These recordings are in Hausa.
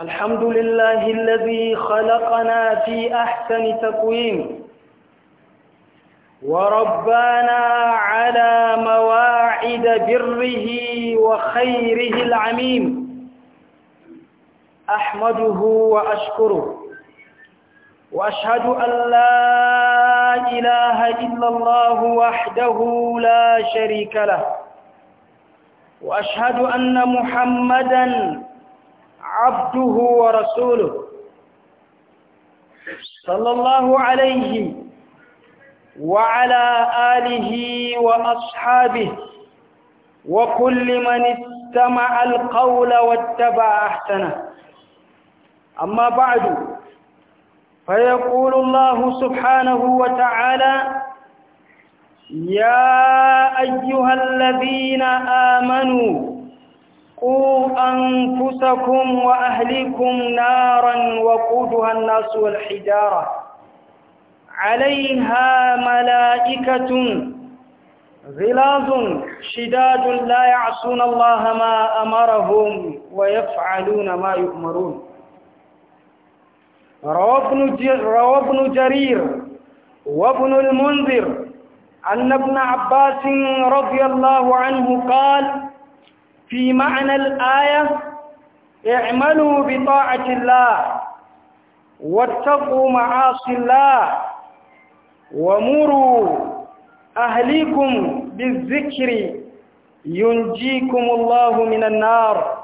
الحمد لله الذي خلقنا في أحسن تقويم وربانا على مواعد بره وخيره العميم أحمده وأشكره وأشهد أن لا إله إلا الله وحده لا شريك له وأشهد أن محمداً عبده ورسوله صلى الله عليه وعلى آله وأصحابه وكل من استمع القول واتبع أحسنه أما بعد فيقول الله سبحانه وتعالى يا أيها الذين آمنوا قوا أنفسكم وأهليكم نارا وقودها الناس والحجارة عليها ملائكة غلاظ شداد لا يعصون الله ما أمرهم ويفعلون ما يؤمرون روى ابن جرير وابن المنذر أن ابن عباس رضي الله عنه قال في معنى الآية اعملوا بطاعة الله واتقوا معاصي الله ومروا أهليكم بالذكر ينجيكم الله من النار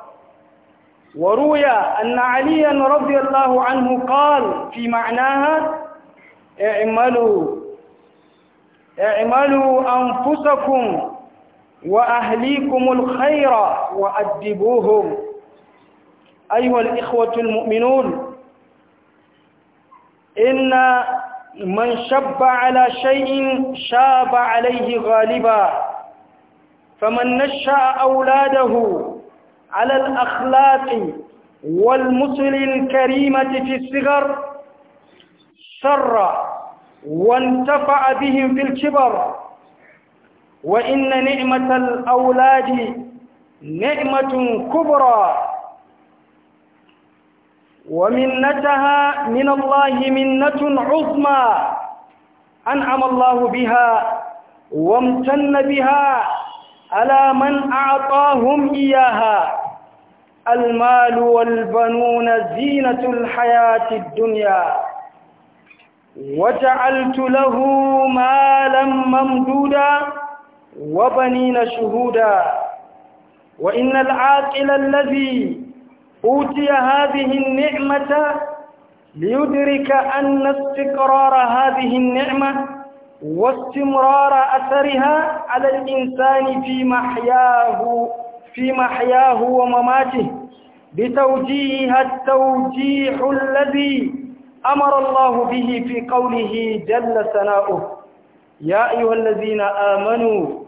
وروي أن عليا رضي الله عنه قال في معناها اعملوا اعملوا أنفسكم وأهليكم الخير وأدبوهم أيها الإخوة المؤمنون إن من شب على شيء شاب عليه غالبا فمن نشأ أولاده على الأخلاق والمثل الكريمة في الصغر سر وانتفع بهم في الكبر وإن نعمة الأولاد نعمة كبرى ومنتها من الله منة عظمى أنعم الله بها وامتن بها على من أعطاهم إياها المال والبنون زينة الحياة الدنيا وجعلت له مالا ممدودا وبنين شهودا وإن العاقل الذي أوتي هذه النعمة ليدرك أن استقرار هذه النعمة واستمرار أثرها على الإنسان في محياه في محياه ومماته بتوجيهها التوجيح الذي أمر الله به في قوله جل ثناؤه يا أيها الذين آمنوا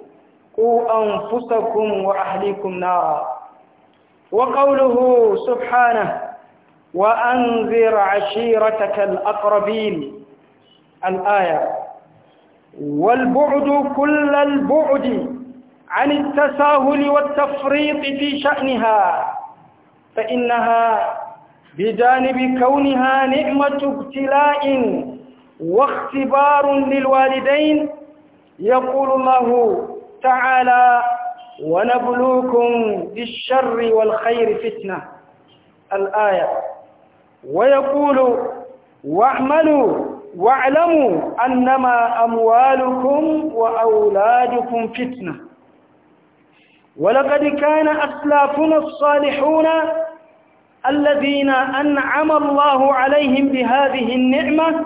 قو أنفسكم وأهليكم نارا وقوله سبحانه وأنذر عشيرتك الأقربين الآية والبعد كل البعد عن التساهل والتفريط في شأنها فإنها بجانب كونها نعمة ابتلاء واختبار للوالدين يقول الله تعالى ونبلوكم بالشر والخير فتنة الآية ويقول واعملوا واعلموا أنما أموالكم وأولادكم فتنة ولقد كان أسلافنا الصالحون الذين أنعم الله عليهم بهذه النعمة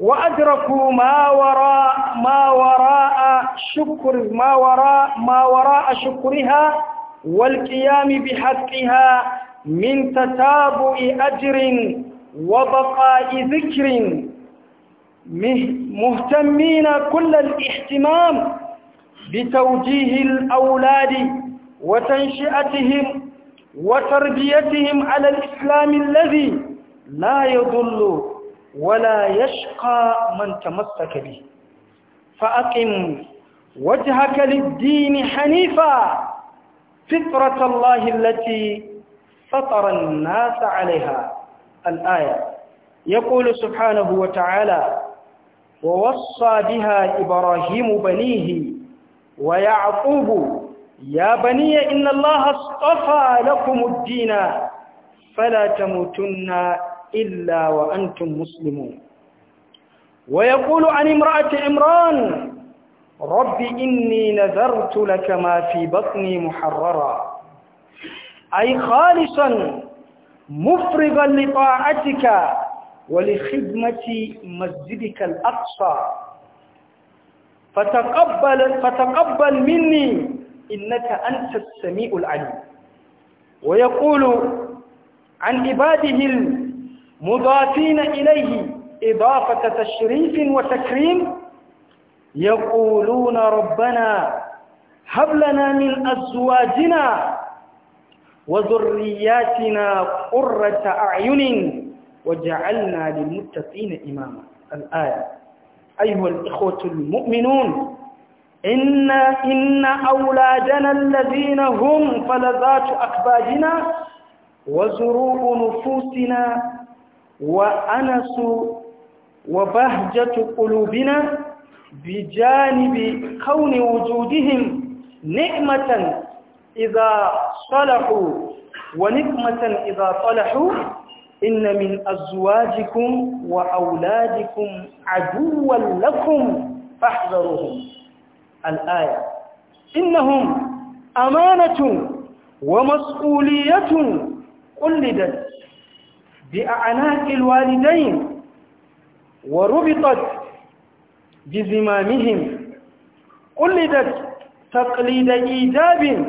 وأدركوا ما وراء ما وراء شكر ما وراء ما وراء شكرها والقيام بحقها من تتابع أجر وبقاء ذكر مهتمين كل الاهتمام بتوجيه الأولاد وتنشئتهم وتربيتهم على الإسلام الذي لا يضل ولا يشقى من تمسك به فأقم وجهك للدين حنيفا فطرة الله التي فطر الناس عليها الآية يقول سبحانه وتعالى ووصى بها إبراهيم بنيه ويعقوب يا بني إن الله اصطفى لكم الدين فلا تموتن إلا وأنتم مسلمون ويقول عن امرأة عمران رب إني نذرت لك ما في بطني محررا أي خالصا مفرغا لطاعتك ولخدمة مسجدك الأقصى فتقبل, فتقبل مني إنك أنت السميع العليم ويقول عن عباده المضافين إليه إضافة تشريف وتكريم يقولون ربنا هب لنا من أزواجنا وذرياتنا قرة أعين وجعلنا للمتقين إماما الآية أيها الإخوة المؤمنون إن إن أولادنا الذين هم فلذات أكبادنا وزروع نفوسنا وأنس وبهجة قلوبنا بجانب كون وجودهم نعمة إذا صلحوا ونقمة إذا صلحوا إن من أزواجكم وأولادكم عدوا لكم فاحذروهم الآية إنهم أمانة ومسؤولية قلدت بأعناق الوالدين وربطت بزمامهم قلدت تقليد إيجاب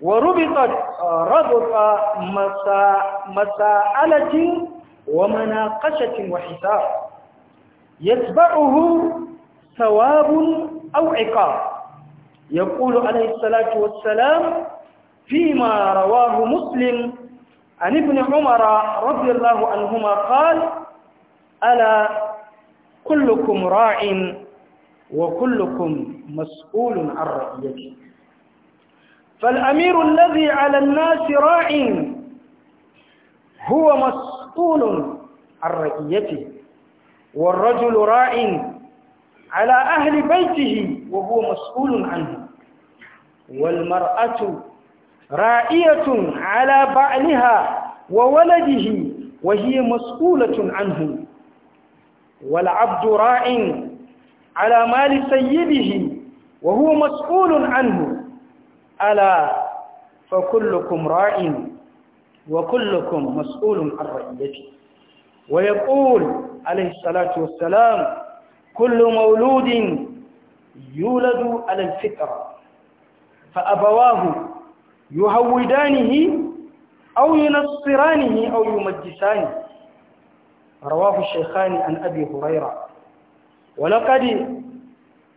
وربطت ربط مساءلة ومناقشة وحساب يتبعه ثواب أو عقاب يقول عليه الصلاة والسلام فيما رواه مسلم عن ابن عمر رضي الله عنهما قال ألا كلكم راع وكلكم مسؤول عن رعيته فالأمير الذي على الناس راع هو مسؤول عن رعيته والرجل راع على أهل بيته وهو مسؤول عنه والمرأة راعية على بعلها وولده وهي مسؤولة عنه والعبد راع على مال سيده وهو مسؤول عنه ألا فكلكم راع وكلكم مسؤول عن رعيته ويقول عليه الصلاة والسلام كل مولود يولد على الفطرة فأبواه يهودانه أو ينصرانه أو يمجسانه رواه الشيخان عن أبي هريرة ولقد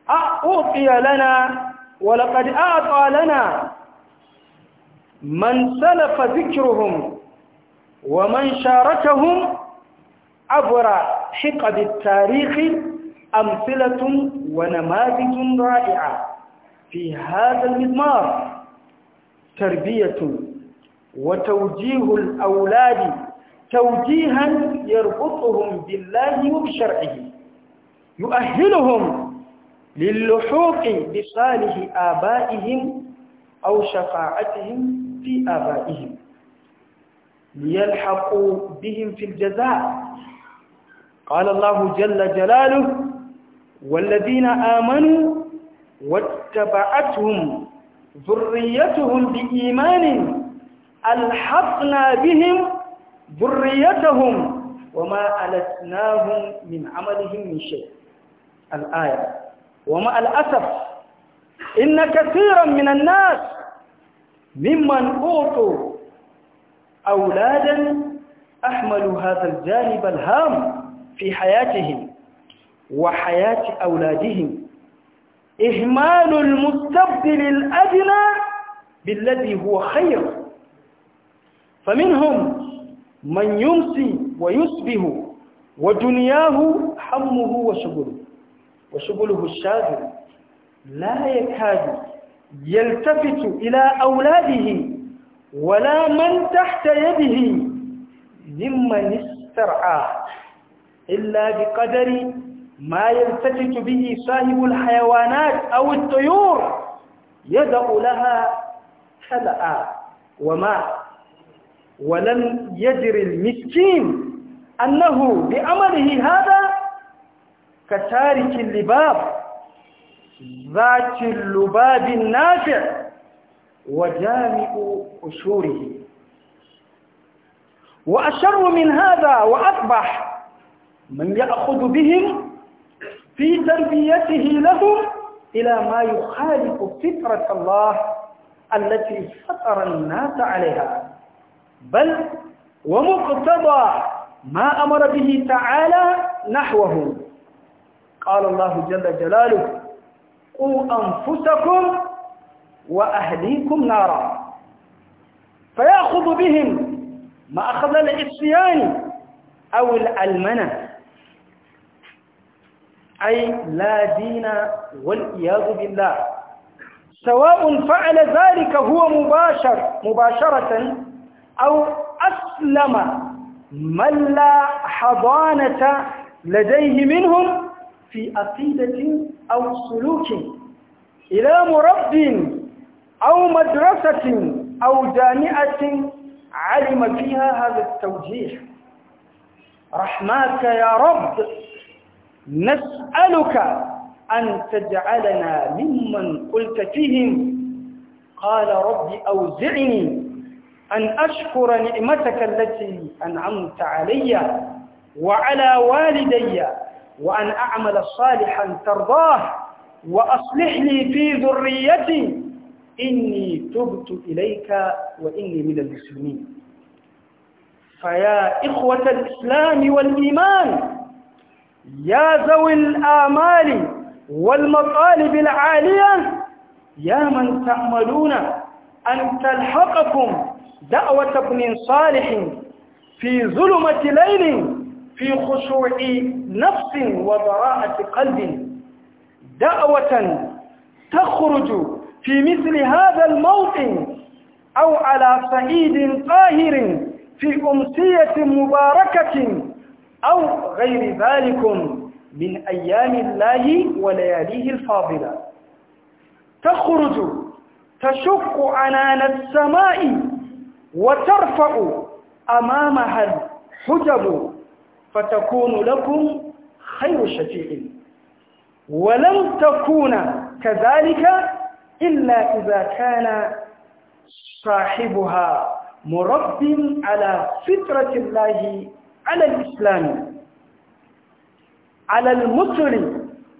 أعطي لنا ولقد أعطى لنا من سلف ذكرهم ومن شاركهم عبر حقب التاريخ أمثلة ونماذج رائعة في هذا المضمار تربية وتوجيه الأولاد توجيها يربطهم بالله وبشرعه يؤهلهم للحوق بصالح آبائهم أو شفاعتهم في آبائهم ليلحقوا بهم في الجزاء قال الله جل جلاله والذين آمنوا واتبعتهم ذريتهم بإيمان ألحقنا بهم ذريتهم وما ألتناهم من عملهم من شيء الآية ومع الأسف إن كثيرا من الناس ممن أوتوا أولادا أحملوا هذا الجانب الهام في حياتهم وحياة أولادهم إهمال المستبدل الأدنى بالذي هو خير فمنهم من يمسي ويصبح ودنياه حمه وشغله وشغله الشاغل لا يكاد يلتفت إلى أولاده ولا من تحت يده ممن استرعاه إلا بقدر ما يلتفت به صاحب الحيوانات أو الطيور يدع لها خلأ وماء ولم يجر المسكين أنه بعمله هذا كتارك اللباب ذات اللباب النافع وجامع أشوره وأشر من هذا وأقبح من يأخذ بهم في تربيته لهم إلى ما يخالف فطرة الله التي فطر الناس عليها بل ومقتضى ما أمر به تعالى نحوه قال الله جل جلاله قوا أنفسكم وأهليكم نارا فيأخذ بهم ما أخذ العصيان أو الألمنة أي لا دين والعياذ بالله سواء فعل ذلك هو مباشر مباشرة أو أسلم من لا حضانة لديه منهم في عقيدة أو سلوك إلى مرب أو مدرسة أو جامعة علم فيها هذا التوجيه رحماك يا رب نسألك أن تجعلنا ممن قلت فيهم قال رب أوزعني أن أشكر نعمتك التي أنعمت علي وعلى والدي وأن أعمل صالحا ترضاه وأصلح لي في ذريتي إني تبت إليك وإني من المسلمين فيا إخوة الإسلام والإيمان يا ذوي الآمال والمطالب العالية يا من تأملون أن تلحقكم دعوة ابن صالح في ظلمة ليل في خشوع نفس وبراءة قلب دعوة تخرج في مثل هذا الموطن أو على صعيد طاهر في أمسية مباركة أو غير ذلك من أيام الله ولياليه الفاضلة تخرج تشق عنان السماء وترفع أمامها الحجب فتكون لكم خير شفيع ولم تكون كذلك إلا إذا كان صاحبها مرب على فطرة الله على الإسلام على المسر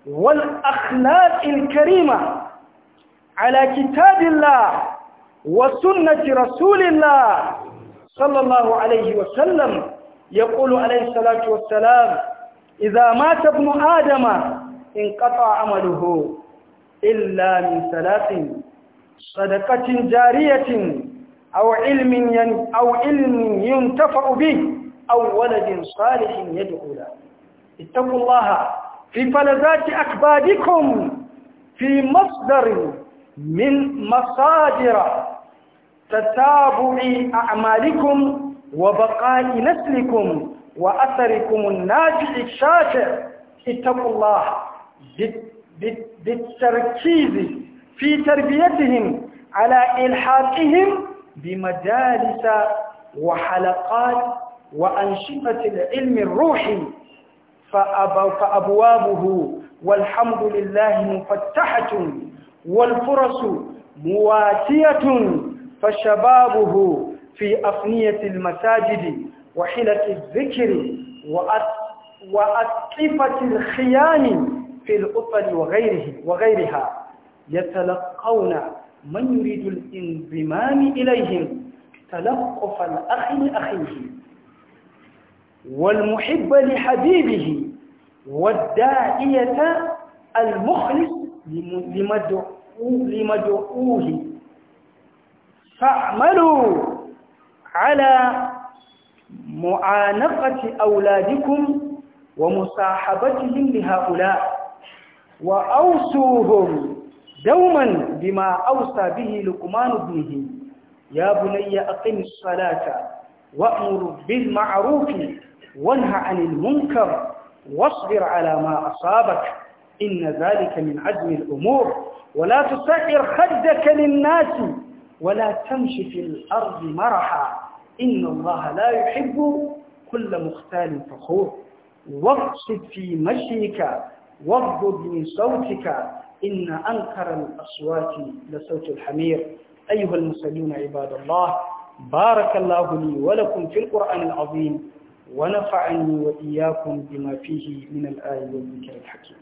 والأخلاق الكريمة على كتاب الله وسنة رسول الله صلى الله عليه وسلم يقول عليه الصلاة والسلام إذا مات ابن آدم انقطع عمله إلا من ثلاث صدقة جارية أو علم أو علم ينتفع به أو ولد صالح يدعو له اتقوا الله في فلذات أكبادكم في مصدر من مصادر تتابع أعمالكم وبقاء نسلكم وأثركم الناجع الشاجع اتقوا الله بالتركيز في تربيتهم على إلحاقهم بمجالس وحلقات وأنشطة العلم الروحي فأبوابه والحمد لله مفتحة والفرص مواتية فشبابه في أفنية المساجد وحلة الذكر وأطفة الخيان في الأطل وغيره وغيرها يتلقون من يريد الانضمام إليهم تلقف الأخ لأخيه والمحب لحبيبه والداعية المخلص لمدعوه فاعملوا على معانقة أولادكم ومصاحبتهم لهؤلاء وأوصوهم دوما بما أوصى به لقمان ابنه يا بني أقم الصلاة وأمر بالمعروف وانهى عن المنكر واصبر على ما أصابك إن ذلك من عزم الأمور ولا تسعر خدك للناس ولا تمش في الأرض مرحا إن الله لا يحب كل مختال فخور واقصد في مشيك واغضض من صوتك إن أنكر الأصوات لصوت الحمير أيها المسلمون عباد الله بارك الله لي ولكم في القرآن العظيم ونفعني وإياكم بما فيه من الآية والذكر الحكيم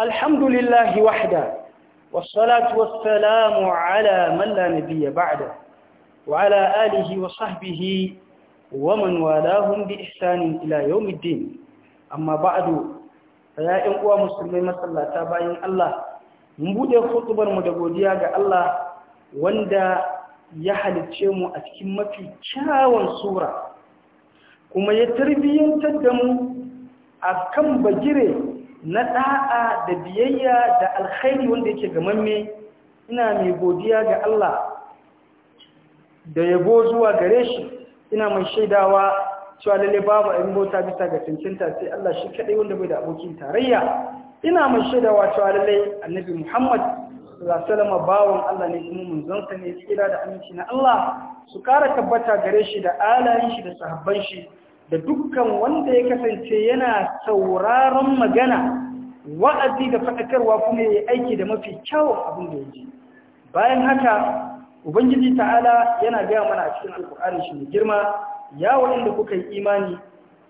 الحمد لله وحده والصلاة والسلام على من لا نبي بعده وعلى آله وصحبه ومن والاهم بإحسان إلى يوم الدين أما بعد فيا إنقوى مسلمين مسلا تابعين الله مبودة خطبا مدبودية الله واندا يحل تشيمو أتكمة في شاوان سورة kuma ya tarbiyyantar da mu a kan bagire na da'a da biyayya da alkhairi wanda yake mamme, ina mai godiya ga Allah da yabo zuwa gare shi ina mai shaidawa cewa lalle babu abin bota bisa ga cancanta sai Allah shi kadai wanda bai da abokin tarayya ina mai shaidawa cewa lalle annabi Muhammad salama bawon Allah ne kuma munzansa ne tsira da aminci na Allah su kara tabbata gare shi da alayen shi da sahabban shi da dukkan wanda ya kasance yana sauraron magana wa'azi da faɗakarwa kuma ya yi aiki da mafi kyawun abin da ya ji bayan haka ubangiji ta'ala yana gaya mana a cikin alkur'ani shi mai girma ya waɗanda kuka yi imani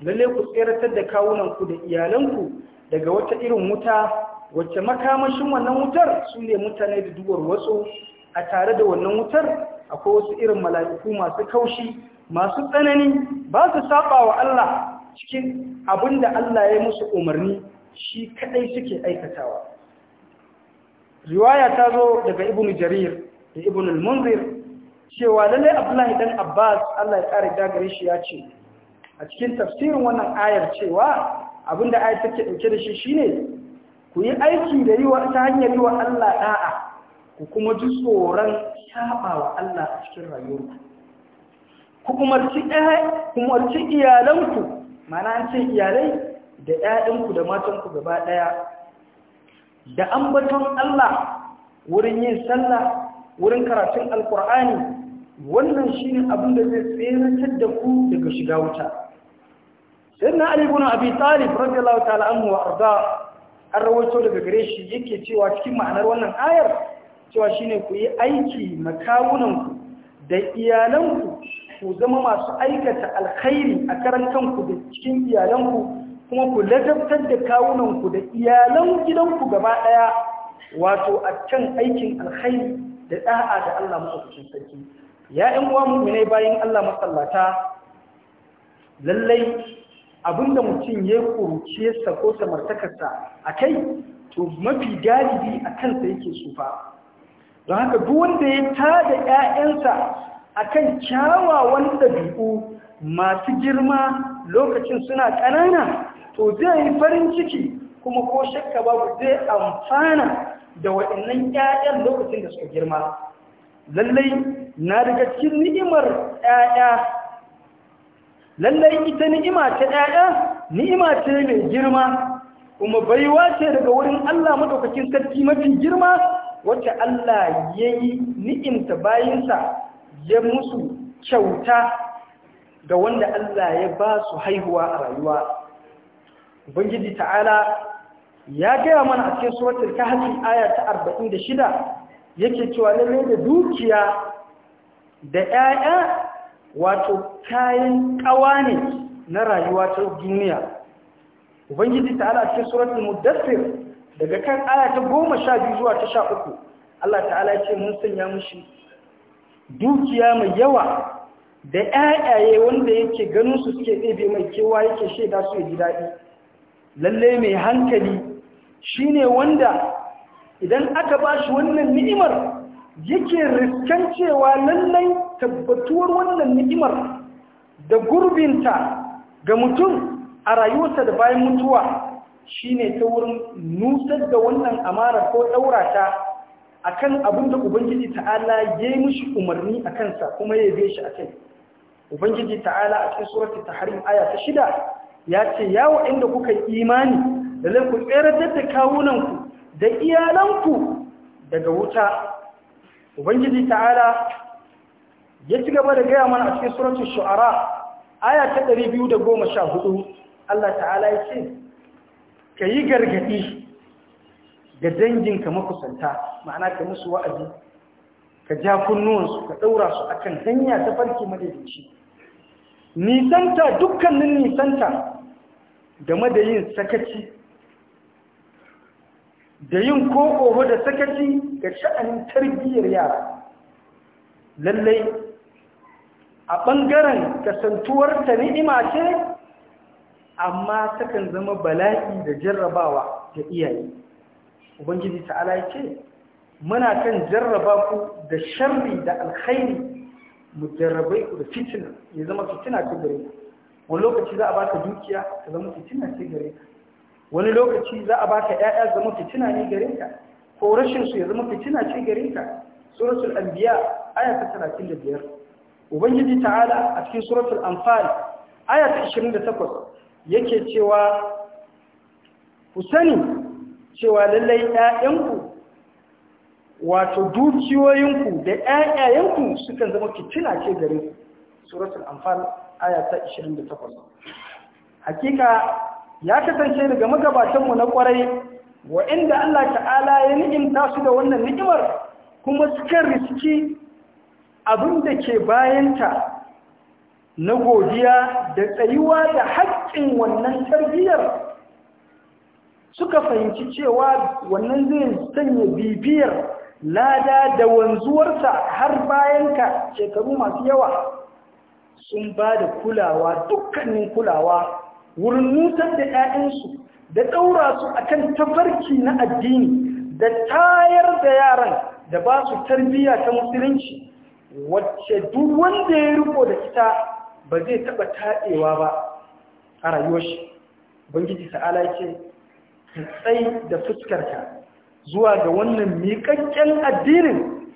lalle ku tseratar da kawunanku da iyalanku daga wata irin wuta wacce makamashin wannan wutar su ne mutane da dubar wasu a tare da wannan wutar akwai wasu irin mala'iku masu kaushi masu tsanani ba su saba wa Allah cikin abin da Allah ya musu umarni shi kadai suke aikatawa riwaya ta zo daga Ibn jarir da Ibn al-munzir cewa lalle Abdullahi dan Abbas Allah ya kare dagare shi ya ce a cikin tafsirin wannan ayar cewa abinda ayar take ɗauke da shi shine ku yi aiki da yiwa ta hanyar yiwa Allah da'a ku kuma ji tsoron saba wa Allah a cikin rayuwarku ku umarci iyalanku mana an ce iyalai da ƴaƴanku da matanku gaba ɗaya da ambaton Allah wurin yin sallah wurin karatun alkur'ani wannan shi ne abin da zai tsirantar da ku daga shiga wuta sayyidina ali na abin talib radiyallahu ta'ala anhu wa arda an rawaito daga gare shi yake cewa cikin ma'anar wannan ayar cewa shi ne ku yi aiki makawunanku da iyalanku ku zama masu aikata alkhairi a karan kanku da cikin iyalanku kuma ku ladabtar da kawunanku da iyalan gidanku gaba ɗaya wato a can aikin alkhairi da ɗa'a da Allah maɗaukacin sarki ya ‘yan uwa ne bayan Allah masallata lallai abinda mutum ya sa ko samartakarsa a kai to mafi galibi a kansa yake sufa don haka duk wanda ya tada ‘ya'yansa akan kyawawan ɗabi'u masu girma lokacin suna ƙanana to zai yi farin ciki kuma ko shakka babu zai amfana da waɗannan ƴaƴan lokacin da suka girma lallai na daga cikin ni'imar ƴaƴa lallai ita ni'ima ta ƴaƴa ni'ima ce mai girma kuma baiwa ce daga wurin Allah madaukakin sarki mafi girma wacce Allah ya yi ni'imta bayinsa ya musu kyauta ga wanda Allah ya ba su haihuwa a rayuwa ubangiji ta'ala ya gaya mana a cikin suratul kahfi aya ta 46 yake cewa lalle da dukiya da 'ya'ya wato kayan ƙawa ne na rayuwa ta duniya ubangiji ta'ala a cikin suratul muddathir daga kan goma sha 12 zuwa ta uku. Allah ta'ala ya ce mun sanya mushi dukiya mai yawa da ƴaƴaye wanda yake ganin su suke ɗebe mai kewa yake shaida su ji daɗi lalle mai hankali shine wanda idan aka ba shi wannan ni'imar yake riskancewa lallai tabbatuwar wannan ni'imar da gurbinta ga mutum a rayuwarsa da bayan mutuwa shine ta wurin nusar da wannan amara ko ɗaurata akan abin da ubangiji ta'ala ya yi mushi umarni a kansa kuma ya yi shi a kai ubangiji ta'ala a cikin ta harin aya ta shida ya ce ya inda kuka yi imani da laifin tsere tseratar da kawunanku da iyalanku daga wuta ubangiji ta'ala ya ci gaba da gaya mana a cikin surat shu'ara aya ta 214 Allah ta'ala ya ce ka yi gargadi da danginka makusanta ma'ana ka musu wa'azi ka ja kunnuwansu ka ɗaura su akan hanya ta farki madaidaici nisanta dukkanin nisanta game da yin sakaci da yin koko da sakaci ga sha'anin tarbiyyar yara lallai a ɓangaren kasantuwar ta ni'ima ce amma takan zama bala'i da jarrabawa ta iyaye ubangiji ta'ala ya ce muna kan jarraba ku da sharri da alkhairi mu jarrabai ku da fitina ya zama fitina ce gare ku wani lokaci za a baka dukiya ta zama fitina ce gare ka wani lokaci za a baka ƴaƴa zama fitina ne gare ka ko rashin su ya zama fitina ce gare ka suratul anbiya aya ta 35 ubangiji ta'ala a cikin suratul anfal aya ta 28 yake cewa ku sani cewa lallai ‘ya'yanku wato dukiyoyinku da ‘ya'yayenku sukan zama fitina ce gare ku suratul amfal aya 28 hakika ya kasance daga magabatanmu na kwarai wa'inda Allah ta'ala ya ni'imta tasu da wannan ni'imar kuma suka riski abin da ke bayanta na godiya da tsayuwa da haƙƙin wannan tarbiyyar suka fahimci cewa wannan zai sanya bibiyar lada da wanzuwarsa har bayan ka shekaru masu yawa sun ba da kulawa dukkanin kulawa wurin nutar da 'ya'yansu da ɗaura su akan tafarki na addini da tayar da yaran da ba su tarbiyya ta musulunci wacce duk wanda ya riko da ita ba zai taɓa taɗewa ba a rayuwar shi. Bangiji sa'ala ce Ka tsai da fuskarka zuwa ga wannan miƙaƙƙen addinin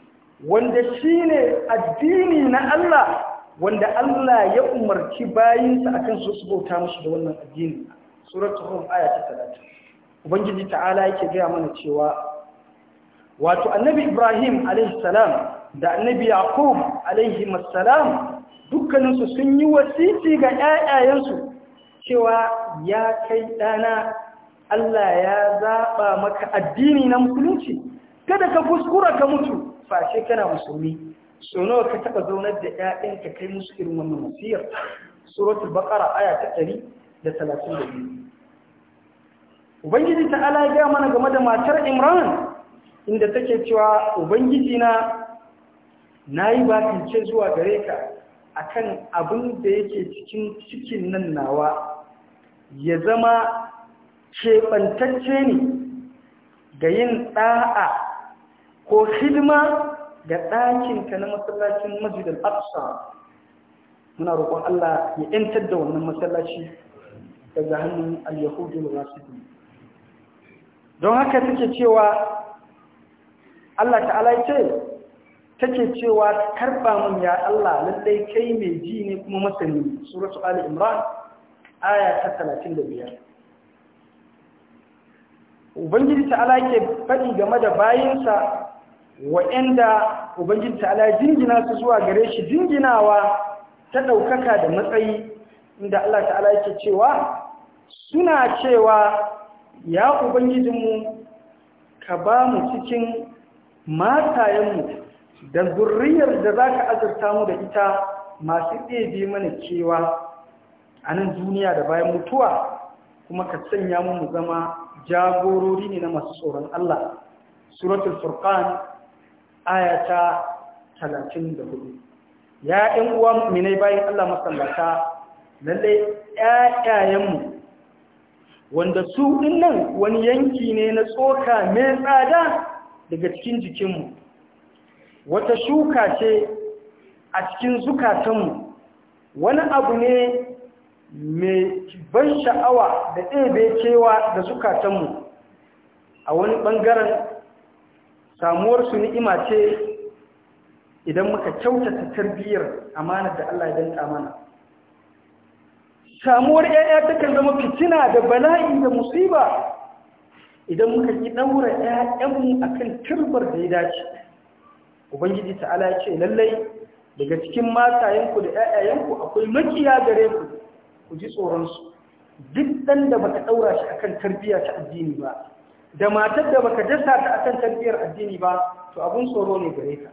wanda shi ne addini na Allah wanda Allah ya umarci bayinsa akan su su bauta musu da wannan addini suratul rum aya ta 30 ubangiji ta'ala yake gaya mana cewa wato annabi Ibrahim alaihi salam da annabi Yaqub alaihi salam dukkaninsu sun yi wasiti ga ƴaƴayensu cewa ya kai ɗana Allah ya zaɓa maka addini na musulunci kada ka kuskura ka mutu fashe kana musulmi so nawa ka taɓa zaunar da ‘ya'yanka kai musu irin wannan wasiyar suratul baƙara aya ta ɗari da talatin da biyu ubangiji ta ala ya mana game da matar imran inda take cewa ubangiji na na yi bakance zuwa gare ka akan abin da yake cikin cikin nan nawa ya zama keɓantacce ne ga yin ɗa'a ko hidima ga ɗakinka na masallacin masjidal aksa muna roƙon Allah ya ‘yantar da wannan masallaci daga hannun al-yahudul don haka take cewa Allah ta'ala ce take cewa karba mun ya Allah lallai kai mai ji ne kuma masani suratu ali imran aya ta 35 ubangiji ta'ala ke faɗi game da bayinsa wa'anda ubangiji ta'ala jingina su zuwa gare shi jinginawa ta ɗaukaka da matsayi inda Allah ta'ala yake cewa suna cewa ya ubangijinmu ka ba mu cikin matayenmu da zurriyar da za ka azurta mu da ita masu ɗebe mana kewa a nan duniya da bayan mutuwa kuma ka sanya mu zama jagorori ne na masu tsoron Allah suratul furqan talatin da 34 ya ɗin uwa minai bayan Allah masallata lalle ƴaƴayenmu wanda su dinnan wani yanki ne na tsoka mai tsada daga cikin jikinmu wata shuka ce a cikin zukatanmu wani abu ne mai ban sha'awa da ɗebe cewa da zukatanmu a wani ɓangaren samuwarsu ni'ima ce idan muka kyautata tarbiyyar amana da Allah ya danta mana samuwar ‘ya'ya takan zama fitina da bala'i da musiba idan muka yi ɗaura ‘ya'yanmu a kan turbar da ya dace ubangiji ta'ala ya ce lallai daga cikin matayenku da ‘ya'yayenku akwai makiya gare ku ku ji tsoronsu duk ɗan da baka ɗaura shi akan tarbiyya ta addini ba da matar da baka dasa ta akan tarbiyyar addini ba to abun tsoro ne gare ka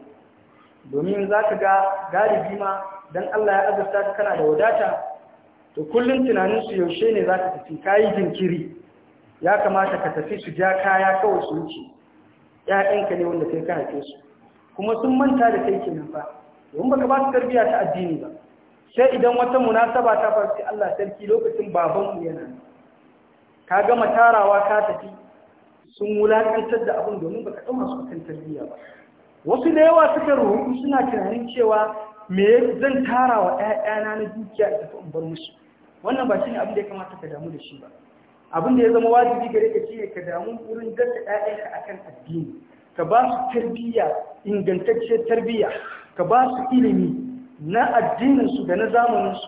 domin za ka ga galibi ma don Allah ya azurta ka kana da wadata to kullum tunaninsu yaushe ne za ka tafi yi jinkiri ya kamata ka tafi su ja kaya kawai su wuce ‘ya'yanka ne wanda kai ka haife su kuma sun manta da kai kenan fa domin baka ba su tarbiyya ta addini ba sai idan wata munasaba ta farci Allah sarki lokacin babanmu yana ka gama tarawa ka tafi sun wulaƙantar da abin domin ba ka ɗau masu kan tarbiyya ba wasu da yawa suka ruhu suna tunanin cewa me zan tara wa ‘ya'yana na dukiya da tafi in bar musu wannan ba shi ne abin da ya kamata ka damu da shi ba abin da ya zama wajibi gare ka shine ka damu wurin dasa ‘ya'yanka akan addini ka ba su tarbiyya ingantacciyar tarbiyya ka ba su ilimi na addininsu da na zamaninsu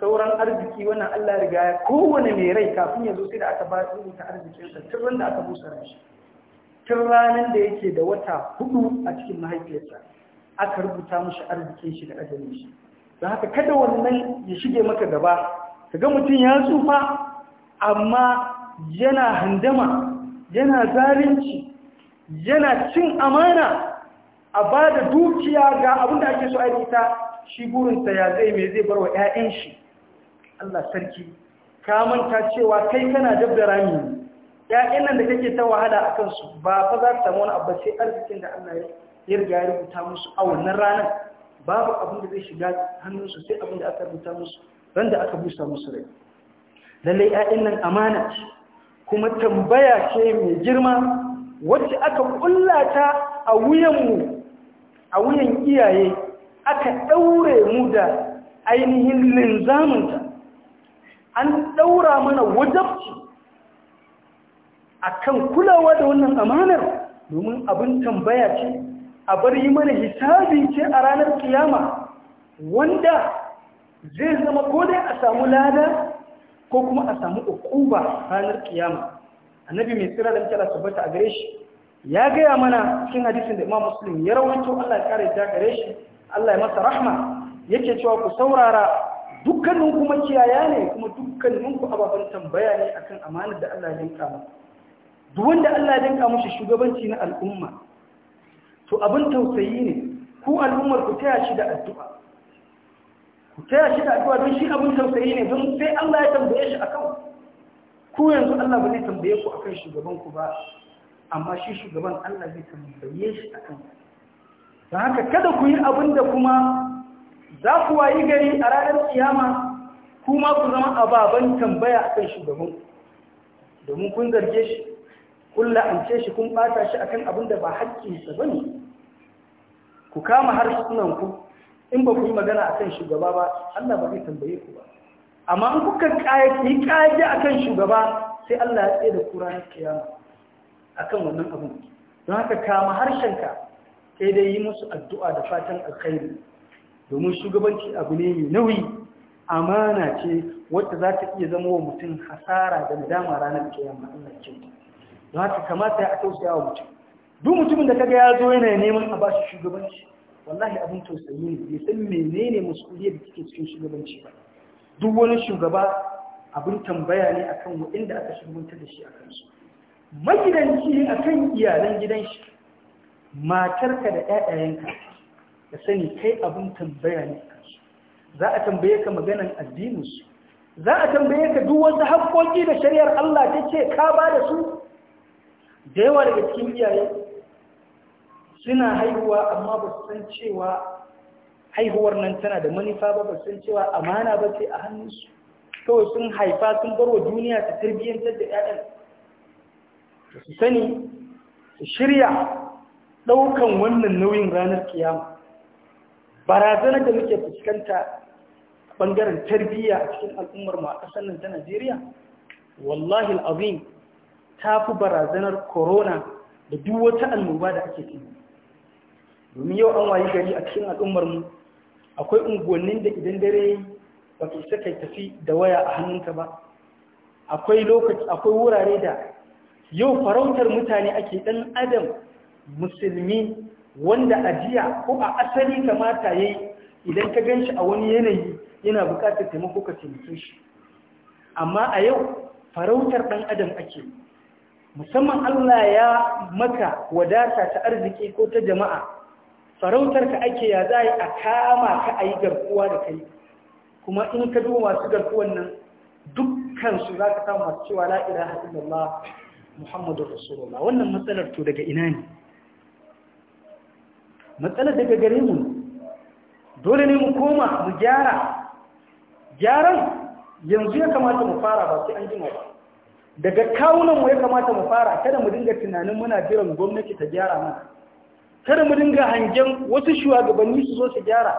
sauran arziki wannan Allah riga ya kowane mai rai kafin ya zo sai da aka ba rubuta arzikinsa tun ran da aka busa rashi tun ranar da yake da wata hudu a cikin mahaifiyarsa aka rubuta mashi arzikin shi da ajalin shi don haka kada wannan ya shige maka gaba ga mutum ya tsufa amma yana handama yana zalunci yana cin amana a ba da dukiya ga abin da ake so a ita shi burinsa ya zai mai zai bar wa 'ya'yan shi Allah sarki ka manta cewa kai kana dab da rami ‘ya'yan nan da kake ta wahala a kansu ba fa za ta samu wani abu sai arzikin da Allah ya riga ya rubuta musu a wannan ranar babu abin da zai shiga hannunsu sai abin da aka rubuta musu ran da aka busa musu rai lallai ‘ya'yan nan amana kuma tambaya ce mai girma wacce aka kulla ta a wuyanmu a wuyan iyaye aka ɗaure mu da ainihin linzaminta an ɗaura mana wajabci a kan kulawa da wannan amanar domin abin tambaya ce a bar yi mana hisabi ce a ranar kiyama wanda zai zama ko dai a samu lada ko kuma a samu ukuba ranar kiyama annabi mai tsira da mutala sabbata a gare shi ya gaya mana cikin hadisin da imam muslim ya rawaito Allah ya kare ta gare shi Allah ya masa rahma yake cewa ku saurara dukkanin kuma kiyaya ne kuma dukkanin ku ababen tambaya ne akan amanar da Allah ya danka mu duk wanda Allah ya mu shi shugabanci na al'umma to abin tausayi ne ku al'ummar ku taya shi da addu'a ku taya shi da addu'a don shi abin tausayi ne don sai Allah ya tambaye shi akan ku yanzu Allah ba zai tambaye ku akan shugaban ku ba amma shi shugaban Allah zai tambaye shi akan don haka kada ku yi abin da kuma za ku wayi gari a ranar kiyama kuma ku zama ababen tambaya akan shugaban domin kun zarge shi kun la'ance shi kun ɓata shi a kan abin da ba haƙƙinsa ba ne ku kama har sunanku in ba ku yi magana a kan shugaba ba Allah ba zai tambaye ku ba amma in kuka yi a kan shugaba sai Allah ya tsaye da ku ranar kiyama akan wannan abu don haka kama ka. sai dai yi musu addu'a da fatan alkhairi domin shugabanci abu ne mai nauyi amana ce wadda za ta iya zama wa mutum hasara da dama ranar kiyama Allah kyauta don haka kamata ya tausaya wa mutum duk mutumin da kaga ya zo yana neman a bashi shugabanci wallahi abin tausayi ne bai san menene mas'uliyar da take cikin shugabanci ba duk wani shugaba abin tambaya ne akan waɗanda aka shugabantar da shi a kansu magidanci a kan iyalan gidan shi matarka da ‘ya'yayenka da sani kai abin tambaya ne za a tambaye ka maganan addininsu za a tambaye ka duk wasu haƙƙoƙi da shari'ar Allah ta ce ka ba da su da yawa daga cikin iyaye suna haihuwa amma ba su san cewa haihuwar nan tana da manufa ba ba san cewa amana ba ce a hannunsu kawai sun haifa sun bar wa duniya ta tarbiyyantar da 'ya'yan su sani su shirya ɗaukan wannan nauyin ranar kiyama barazanar da muke fuskanta ɓangaren tarbiyya a cikin al'ummar mu a ƙasar nan ta najeriya wallahi al'azim ta fi barazanar corona da duk wata annoba da ake ciki domin yau an wayi gari a cikin al'ummar mu akwai unguwannin da idan dare ba ka isa kai tafi da waya a hannunka ba akwai lokaci akwai wurare da yau farautar mutane ake ɗan adam musulmi wanda ajiya ko a asali kamata ya yi idan ka gan shi a wani yanayi yana bukatar taimako ka taimake shi amma a yau farautar ɗan adam ake musamman Allah ya maka wadata ta arziki ko ta jama'a farautar ka ake ya za a kama ka a yi garkuwa da kai kuma in ka duba masu garkuwan nan dukkansu za ka samu masu cewa la'ira haɗin Allah Muhammadu Rasulullah wannan matsalar to daga ina ne matsalar daga gare mu dole ne mu koma mu gyara gyaran yanzu ya kamata mu fara ba sai an jima ba daga kawunan mu ya kamata mu fara kada mu dinga tunanin muna jiran gwamnati ta gyara mana kada mu dinga hangen wasu shugabanni su zo su gyara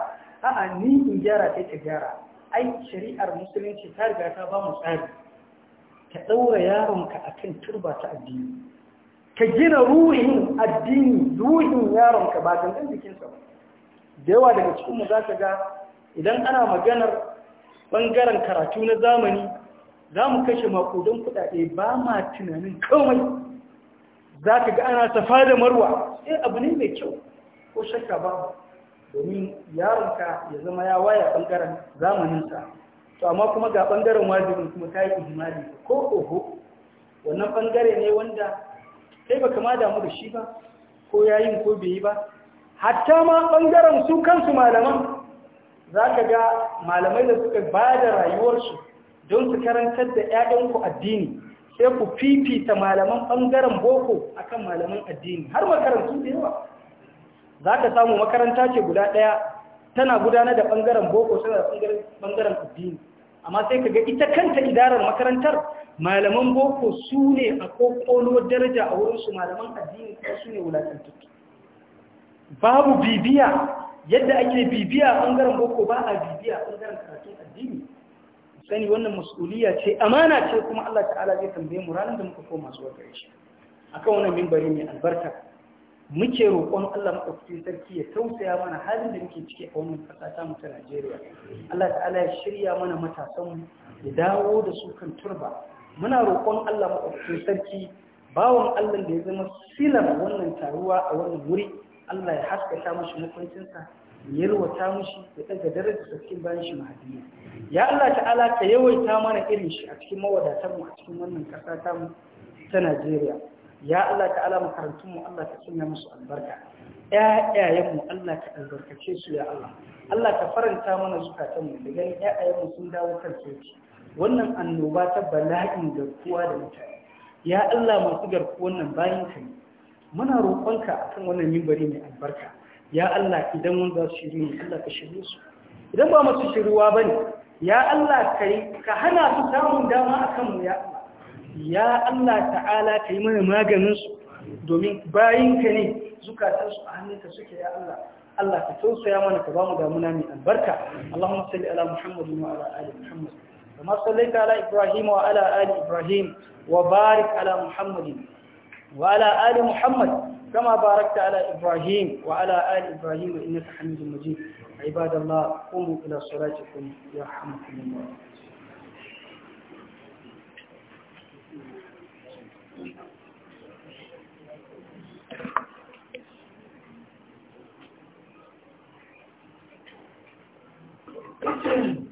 a'a ni in gyara kai ta gyara ai shari'ar musulunci ta riga ta ba mu tsari ka ɗaura yaronka a kan turba ta addini ka gina ruhin addini ruhin yaronka ba gangan jikinsa ba da yawa daga cikinmu za ka ga idan ana maganar ɓangaren karatu na zamani za mu kashe makudan kuɗaɗe ba ma tunanin kawai za ka ga ana safa da marwa sai eh, abu ne mai kyau ko shakka ba domin yaronka ya zama ya waya ɓangaren zamaninsa to amma kuma ga bangaren wajibin kuma ta yi ijimali ko oho wannan bangare ne wanda sai ba kama damu da shi ba ko yayin ko bai yi ba hatta ma bangaren su kansu malaman za ka ga malamai da suka ba da rayuwarsu don su karantar da 'ya'yanku addini sai ku fifita malaman bangaren boko akan malaman addini har makarantu da yawa za ka samu makaranta ce guda ɗaya tana gudanar da bangaren boko tana da bangaren addini amma sai ka kaga ita kanta idarar makarantar malaman boko su ne a kokolo daraja a wurin su malaman addini su ne wulatantattu babu bibiya yadda ake bibiya a ɓangaren boko ba a bibiya a ɓangaren karatun addini sani wannan mas'uliya ce amana ce kuma Allah ta'ala zai tambaye mu ranar da muka koma zuwa gare shi akan wannan mimbari mai albarka muke roƙon Allah maɗaukakin sarki ya tausaya mana halin da muke ciki a wannan ƙasa ta mutu Najeriya. Allah ta'ala ya shirya mana matasan ya dawo da su kan turba. Muna roƙon Allah maɗaukakin sarki bawan Allah da ya zama silar wannan taruwa a wannan wuri Allah ya haskaka mashi makwancinsa ya yalwata mashi ya ɗaga daraja sarkin bayan shi mahadiya. Ya Allah ta'ala ka yawaita mana irin shi a cikin mawadatar mu a cikin wannan ƙasa mu ta Najeriya. ya Allah ta'ala ala mu Allah ka cinna musu albarka ƴaƴayen mu Allah ka albarkace su ya Allah Allah ka faranta mana zukatan mu da ganin mu sun dawo kan soci wannan annoba ta bala'in garkuwa da mutane ya Allah masu garkuwan nan bayan ka ne muna roƙonka akan wannan mimbari mai albarka ya Allah idan mun za su shiru ne Allah ka shirye su idan ba masu shiruwa bane ya Allah ka hana su samun dama akan mu ya Allah ya Allah ta'ala ka yi mana maganinsu domin bayinka ne zukatansu a hannunka suke ya Allah Allah ka tausaya mana ka ba mu damuna mai albarka Allahumma salli ala Muhammad wa ala ali Muhammad kama sallaita ala Ibrahim wa ala ali Ibrahim wa barik ala Muhammad wa ala ali Muhammad kama barakta ala Ibrahim wa ala ali Ibrahim innaka Hamidum Majid عباد الله قوموا إلى صلاتكم يرحمكم الله Thank you.